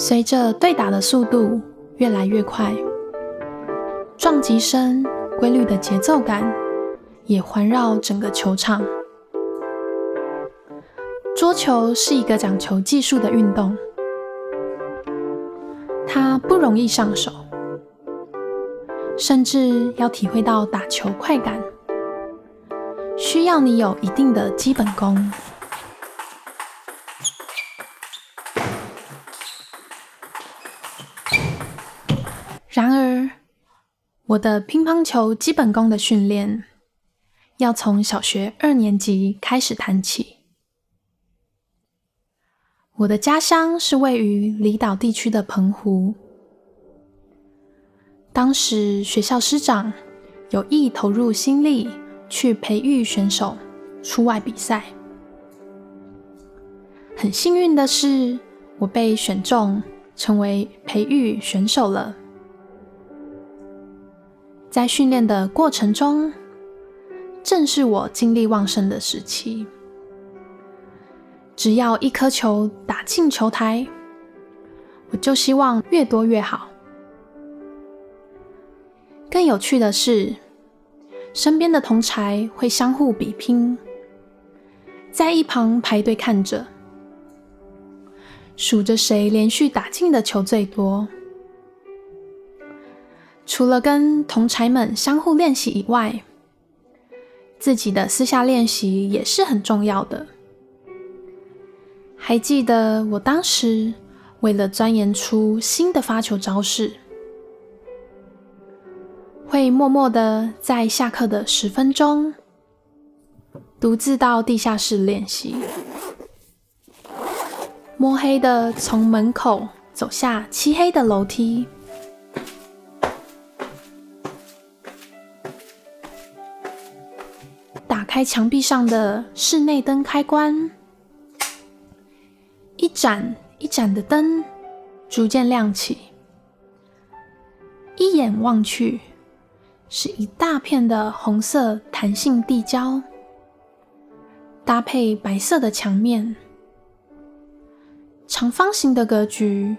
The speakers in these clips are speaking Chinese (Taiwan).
隨着對打的速度越來越快，撞擊聲，規律的節奏感也環繞整個球場。桌球是一個講求技術的運動，它不容易上手，甚至要體會到打球快感，需要你有一定的基本功。然而，我的乒乓球基本功的訓練要從小學二年級開始談起。我的家鄉是位於離島地區的澎湖。當時學校師長有意投入心力去培育選手出外比賽。很幸運的是，我被選中成為培育選手了。在訓練的過程中，正是我精力旺盛的時期。只要一顆球打進球台，我就希望越多越好。更有趣的是，身邊的同儕會相互比拼，在一旁排隊看着，數着誰連續打進的球最多。除了跟同儕們相互練習以外，自己的私下練習也是很重要的。還記得我當時為了鑽研出新的發球招式，會默默的在下課的十分鐘，獨自到地下室練習，摸黑的從門口走下漆黑的樓梯。在牆壁上的室內燈開關，一盞一盞的燈逐漸亮起。一眼望去，是一大片的紅色彈性地膠，搭配白色的牆面，長方形的格局，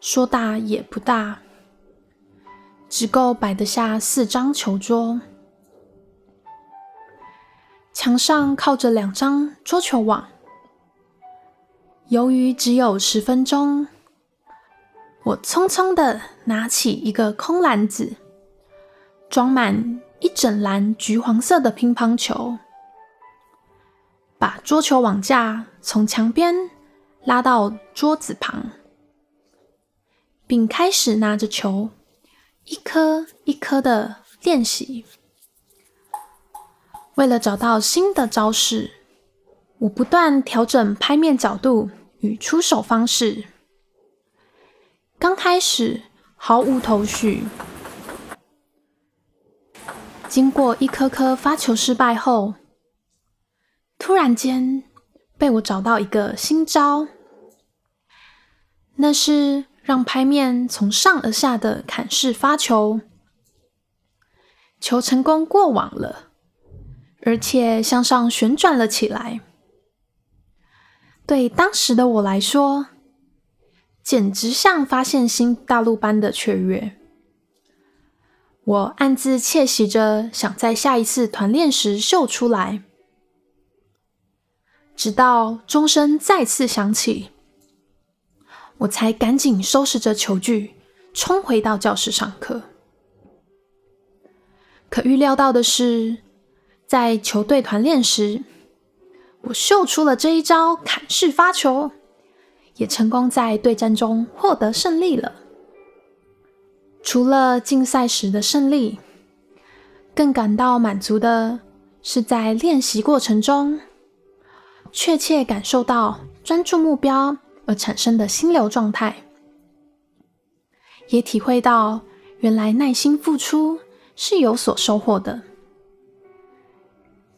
說大也不大，只夠擺得下四張球桌。牆上靠着兩張桌球網。由於只有十分鐘，我匆匆的拿起一個空籃子，裝滿一整籃橘黃色的乒乓球，把桌球網架從牆邊拉到桌子旁，並開始拿着球一顆一顆的練習。為了找到新的招式，我不斷調整拍面角度與出手方式。剛開始毫無頭緒，經過一顆顆發球失敗後，突然間被我找到一個新招，那是讓拍面從上而下的砍式發球，球成功過網了。而且向上旋轉了起來，對當時的我來說，簡直像發現新大陸般的雀躍。我暗自竊喜着，想在下一次團練時秀出來。直到鐘聲再次響起，我才趕緊收拾着球具，衝回到教室上課。可預料到的是，在球隊團練時，我秀出了這一招砍式發球，也成功在對戰中獲得勝利了。除了競賽時的勝利，更感到滿足的是在練習過程中，確切感受到專注目標而產生的心流狀態，也體會到原來耐心付出是有所收穫的。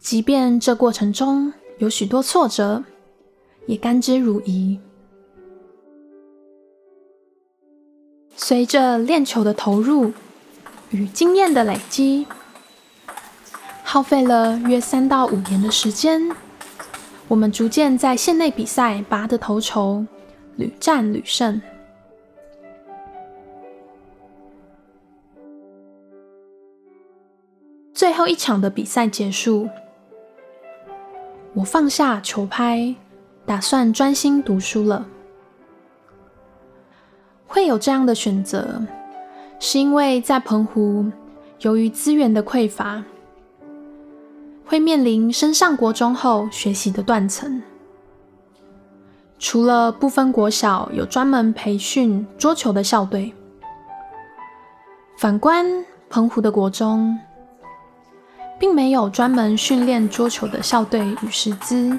即便這過程中有許多挫折，也甘之如飴。隨着練球的投入與經驗的累積，耗費了約三到五年的時間，我們逐漸在縣內比賽拔得頭籌，屢戰屢勝。最後一場的比賽結束。我放下球拍，打算專心讀書了。會有這樣的選擇，是因為在澎湖，由於資源的匱乏，會面臨升上國中後學習的斷層。除了部分國小有專門培訓桌球的校隊，反觀澎湖的國中，並沒有專門訓練桌球的校隊與師資。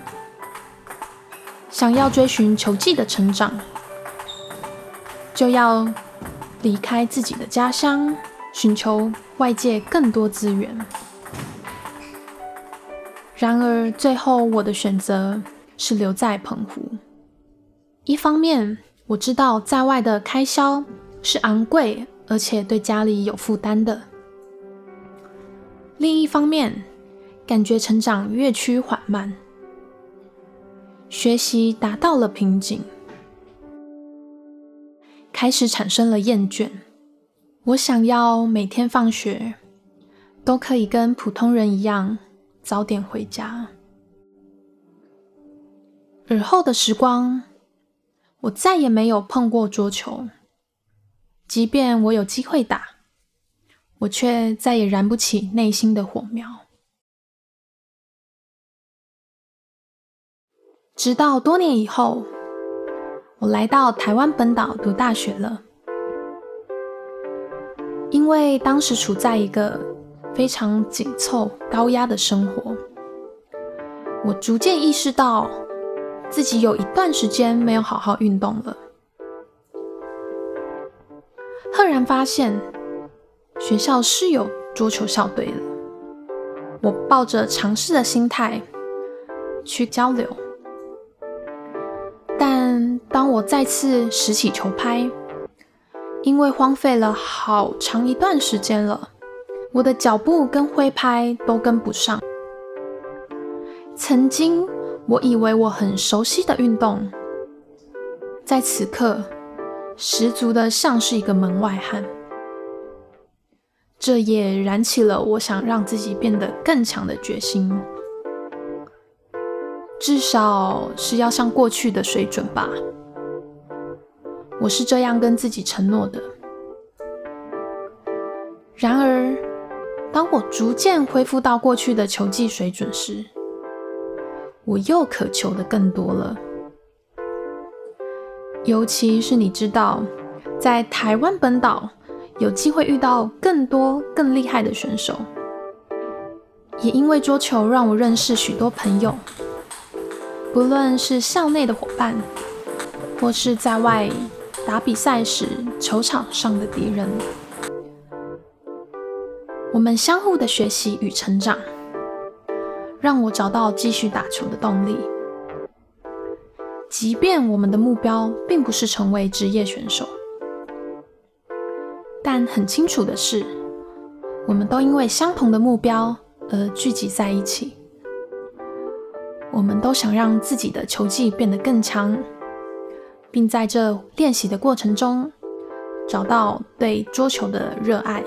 想要追尋球技的成長，就要離開自己的家鄉，尋求外界更多資源。然而，最後我的選擇是留在澎湖。一方面，我知道在外的開銷是昂貴，而且對家裡有負擔的。另一方面，感覺成長越趨緩慢，學習達到了瓶頸，開始產生了厭倦。我想要每天放學都可以跟普通人一樣早點回家。而後的時光，我再也沒有碰過桌球，即便我有機會打。我卻再也燃不起內心的火苗。直到多年以後，我來到台灣本島讀大學了。因為當時處在一個非常緊湊、高壓的生活，我逐漸意識到自己有一段時間沒有好好運動了，赫然發現。學校是有桌球校隊的，我抱着嘗試的心態去交流，但當我再次拾起球拍，因為荒廢了好長一段時間了，我的腳步跟揮拍都跟不上。曾經我以為我很熟悉的運動，在此刻十足的像是一個門外漢。這也燃起了我想讓自己變得更強的決心，至少是要像過去的水準吧。我是這樣跟自己承諾的。然而，當我逐漸恢復到過去的球技水準時，我又渴求的更多了。尤其是你知道，在台灣本島。有機會遇到更多更厲害的選手，也因為桌球讓我認識許多朋友，不論是校內的夥伴，或是在外打比賽時球場上的敵人，我們相互的學習與成長，讓我找到繼續打球的動力。即便我們的目標並不是成為職業選手。但很清楚的是，我們都因為相同的目標而聚集在一起。我們都想讓自己的球技變得更強，並在這練習的過程中找到對桌球的熱愛。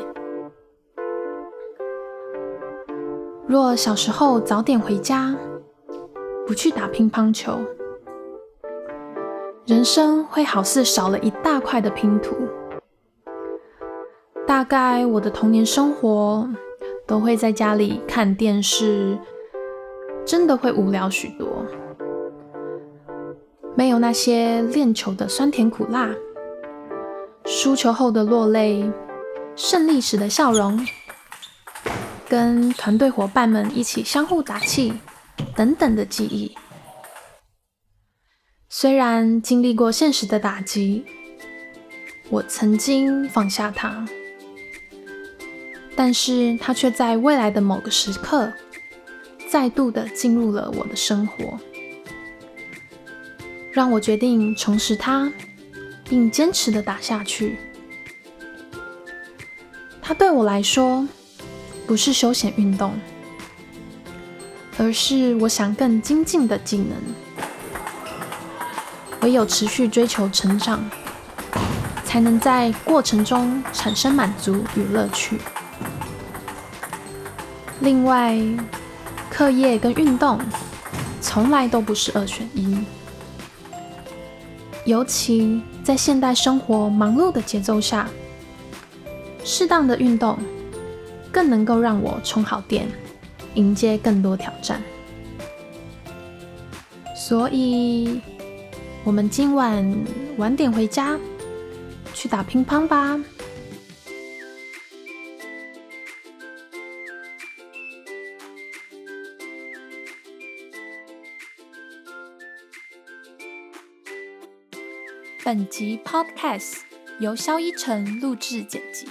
若小時候早點回家，不去打乒乓球，人生會好似少了一大塊的拼圖。大概我的童年生活都會在家裡看電視，真的會無聊許多。沒有那些練球的酸甜苦辣，輸球後的落淚，勝利時的笑容，跟團隊夥伴們一起相互打氣等等的記憶。雖然經歷過現實的打擊，我曾經放下它。但是，他卻在未來的某個時刻，再度的進入了我的生活，讓我決定重拾他，並堅持的打下去。他對我來說，不是休閒運動，而是我想更精進的技能。唯有持續追求成長，才能在過程中產生滿足與樂趣。另外，課業跟運動從來都不是二選一，尤其在現代生活忙碌的節奏下，適當的運動更能夠讓我充好電，迎接更多挑戰。所以，我們今晚晚點回家，去打乒乓吧。本集 Podcast 由蕭伊辰錄製剪輯。